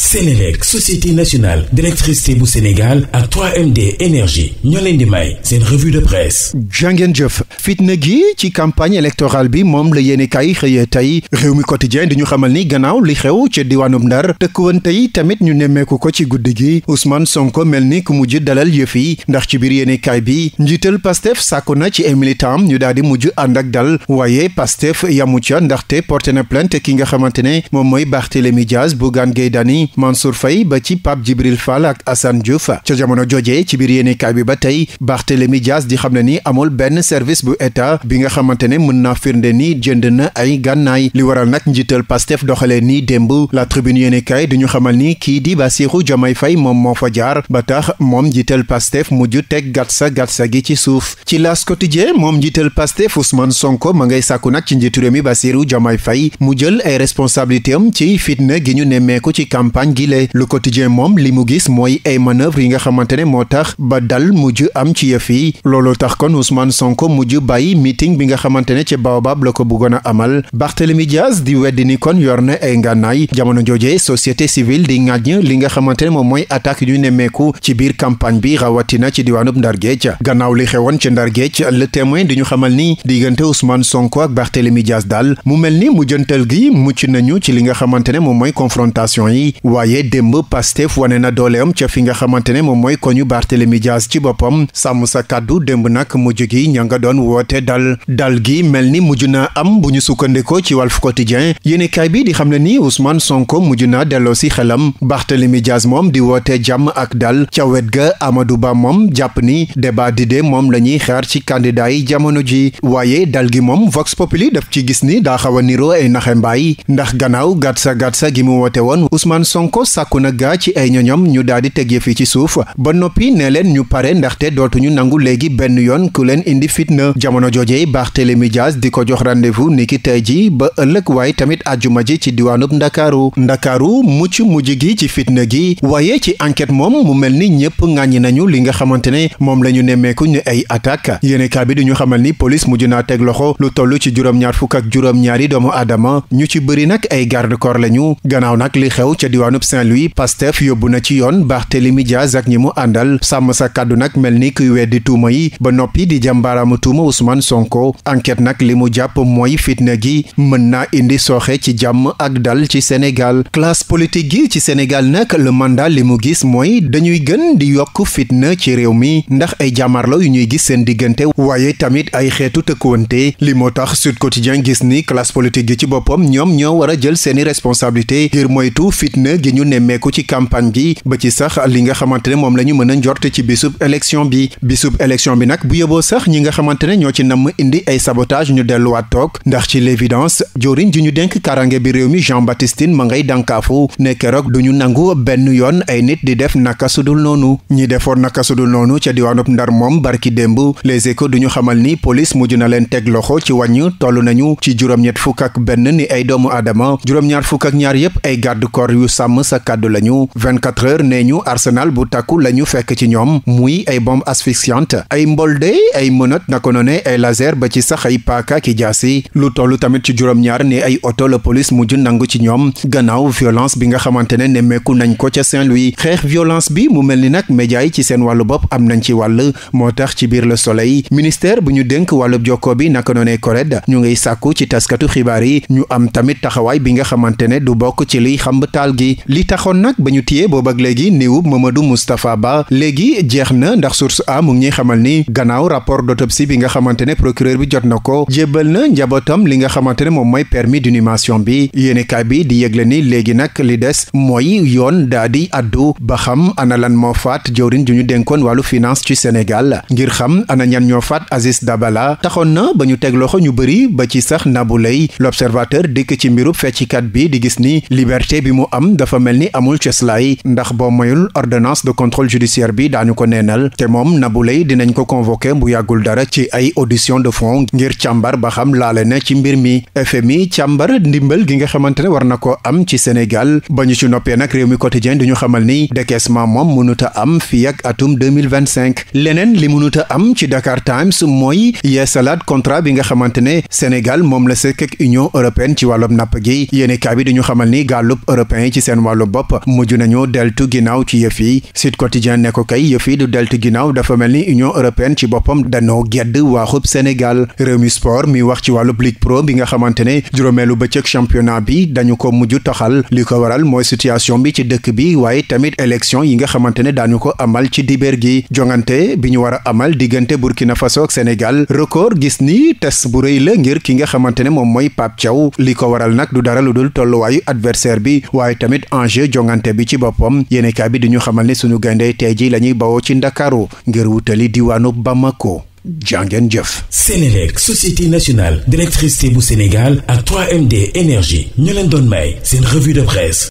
Sénélec société nationale d'électricité bu Sénégal ak 3MD énergie ñoo leen di may seen revue de presse jàngeen jëf fitna gi ci campagne électorale bi moom la yéene kay xëyee tey réew mi quotidien di ñu xamal ni gannaaw li xew ci diwaanum Ndar tëkkuwante yi tamit ñu nemmeeku ko ci guddi gi Ousmane Sonko mel ni ku mujj dalal yëf ndax ci biir yéene kay bi njiital Pastef sàkku na ci ay ñu daal di mujj ànd ak dal waaye Pastef yamu ca ndaxte porté na plainte ki nga xamante ne moom mooy Barthélémy Dias bu Gueye Dany ni Mansour Faye ba ci Pape Djibril Fall ak Assane fa ca jamono jojee ci biir yéenekaay bi ba tey Barthélémy Dias di xam ne ni amul benn service bu état bi nga xamante ne mën naa firnde ni jënd na ay gànnaay li waral nag njiital Pastef doxalee ni démb la tribune yéenekaay du ñu xamal ni kii di Bassirou Diomaye Faye moom moo fa jaar ba tax moom njiital Pastef mujj teg gatsa gatsa gi ci suuf ci L'As Quotidien moom njiital Pastef Ousmane Sonko ma ngay sàkku nag ci njiitu mi Bassirou Diomaye Faye mu jël ay responsabilité am ci fitna gi ñu nemmeeku ci campagne campagne gi le le quotidien moom li mu gis mooy ay manœuvre yi nga xamante ne moo tax ba dal mujj am ci yëf yi looloo tax kon Ousmane Sonko mujj bàyyi meeting bi nga xamante ne ci Baobab la ko bëggoon a amal Barthélemy Diaz di weddi ni kon yor na ay ngànnaay jamono jooje société civile di ŋàññ li nga xamante ne moom mooy attaque yu ñu nemmeeku ci biir campagne bi rawatina ci diwaanub Ndar Géej gannaaw li xewoon ci Ndar Géej le témoin di ñu xamal ni diggante Ousmane Sonko ak Barthélemy Diaz daal mu mel ni mujjantal gi mucc nañu ci li nga xamante ne moom mooy confrontation yi waaye démb Pastef wane na dooleem ca fi nga xamante ne moom mooy koñu Barthélemy Dias ci boppam sàmm sa kàddu démb nag mujj gi ña nga doon woote dal dal gi mel ni mujj na am bu ñu sukkandikoo ci Walf Quotidien yéenekaay bi di xam ne ni Ousmane Sonko mujj na delloo si xelam Barthélemy Dias moom di woote jàmm ak dal ca wet ga Amadou Ba moom jàpp ni débat d'idées moom la ñuy xaar ci candidat yi jamono ji waaye dal gi moom Vox Populi daf ci gis ni daa xaw a niroo ay naxe mbaay ndax gannaaw gàtsa gàtsa gi mu woote woon Sonko sàkku na gaa ci ay ñoñom ñu daal di teg yëf ci suuf ba noppi ne leen ñu pare ndaxte dootuñu nangu léegi benn yoon ku leen indi fitna jamono jooje Barthélémy Dias di ko jox rendez-vous niki tey ji ba ëllëg waaye tamit àjjuma ji ci diwaanub Ndakaaru Ndakaaru mucc mujj gi ci fitna gi waaye ci enquête moom mu mel ni ñëpp ŋàññi nañu li nga xamante ne moom la ñu nemmeeku ñu ay attaque yéenekaay bi ñu xamal ni police mujj naa teg loxo lu toll ci juróom-ñaar fukk ak juróom doomu aadama ñu ci bëri nag ay garde corps lañu gannaaw nag li xew diwaanub Saint-Louis Pastef yóbbu na ci yoon Barthélemy Dias ak ñi mu àndal sàmm sa kàddu nag mel ni kuy weddi tuuma yi ba noppi di jàmbaaraamu tuuma Ousmane Sonko enquête nag li mu jàpp mooy fitna gi mën naa indi sooxee ci jàmm ak dal ci Sénégal classe politique gi ci Sénégal nag le mandat li mu gis mooy dañuy gën di yokk fitna ci réew mi ndax ay jàmmarlo yu ñuy gis seen diggante waaye tamit ay xeetu tëkkuwante li moo tax Sud Quotidien gis ni classe politique gi ci boppam ñoom ñoo a jël responsabilité fitna gi ñu nemmeeku ci campagne bi ba ci sax li nga xamante ne moom la ñu mën a njort ci bisub élection bi bisub élection bi nag bu yóbboo sax ñi nga xamante ne ñoo ci namm indi ay sabotage ñu delluwaat toog ndax ci l'évidence joriñ ji ñu dénk karange bi réew mi Jean Baptiste Tine ma ngay dànkaafu ne keroog ñu nangu benn yoon ay nit di def naka sudul noonu ñi defoon naka sudul noonu ca diwaanub Ndar moom barki démb les échos ñu xamal ni police mujj na leen teg ci wàññ toll nañu ci juróom fukk ak benn ni ay doomu aadama juróom-ñaar sàmm sa kàddu lañu 24 heures nee ñu arsenal bu takku lañu fekk ci ñoom muy ay bombe asphyxiante ay mbolde ay mënat naka noone ay laser ba ci sax ay paaka ki jaasi lu tollu tamit ci juróom-ñaar ni ay oto la police mujj nangu ci ñoom gannaaw violence bi nga xamante ne nemmeeku nañ ko ca Saint-Louis xeex violence bi mu mel ni nag média yi ci seen wàllu bopp am nañ ci wàll moo tax ci biir le soleil ministère bu ñu dénk wàllub jokkoo bi naka noone kored ñu ngiy sàkku ci taskatu xibaar yi bi li taxoon nag ba ñu téyee boob ak léegi néewub Mamadou Moustapha Ba léegi jeex na ndax source a mu ngi ñuy xamal ni gannaaw rapport d'autopsie bi nga xamante ne procureur bi jot na ko jébbal na njabootam li nga xamante ne moom mooy permis d'inhumation bi yéenekaay bi di yégle ni léegi nag li des mooy yoon daa di addu ba xam ana lan moo faat jëwriñ ju ñu dénkoon wàllu finance ci Sénégal ngir xam ana ñan ñoo faat Aziz Dabala taxoon na ba ñu teg loxo ñu bëri ba ci sax Nabou Leye l'observateur dikk ci mbirub feccikat bi di gis ni bi mu dafa mel ni amul cëslaay ndax boo moyul ordonnance de contrôle judiciaire bi daañu ko neenal te moom Nabou Leye dinañ ko convoqué bu yàggul dara ci ay audition de fond ngir càmbar ba xam laale na ci mbir mi FMI càmbar ndimbal gi nga xamante ne war na ko am ci Sénégal ba ñu ci noppee nag réew mi quotidien di ñu xamal ni décaissement moom mënuta am fii ak atum 2025 leneen li mënuta am ci Dakar Times mooy yeesalaat contrat bi nga xamante ne Sénégal moom la sekk ak ci wàllum napp gi yéene kaa bi ñu xamal ni gàllub ci seen wàllu bopp mujj nañu deltu ginnaaw ci yëf yi Sud Quotidien ne ko kay yëf yi du deltu ginnaaw dafa mel ni Union européenne ci boppam danoo gedd waaxub Sénégal Rewmi Sport mi wax ci wàllu Ligue Pro bi nga xamante ne juróomeelu bëccëg championnat bi dañu ko mujj toxal li ko waral mooy situation bi ci dëkk bi waaye tamit élection yi nga xamante ne dañu ko amal ci dibéer gi jongante bi ñu war a amal diggante Burkina Faso ak Sénégal record gis ni test bu rëy la ngir ki nga xamante ne moom mooy Pape li ko waral nag du tamit enjeu jongante bi ci boppam yéenekaay bi du ñu xamal ne suñu gayndey tey ji la ñuy bawoo ci ndakaaru ngir wutali diwaanu Bamako jàngeen jëf Sénélec société nationale d'électricité bu Sénégal ak 3MD énergie ñu leen doon may seen revue de presse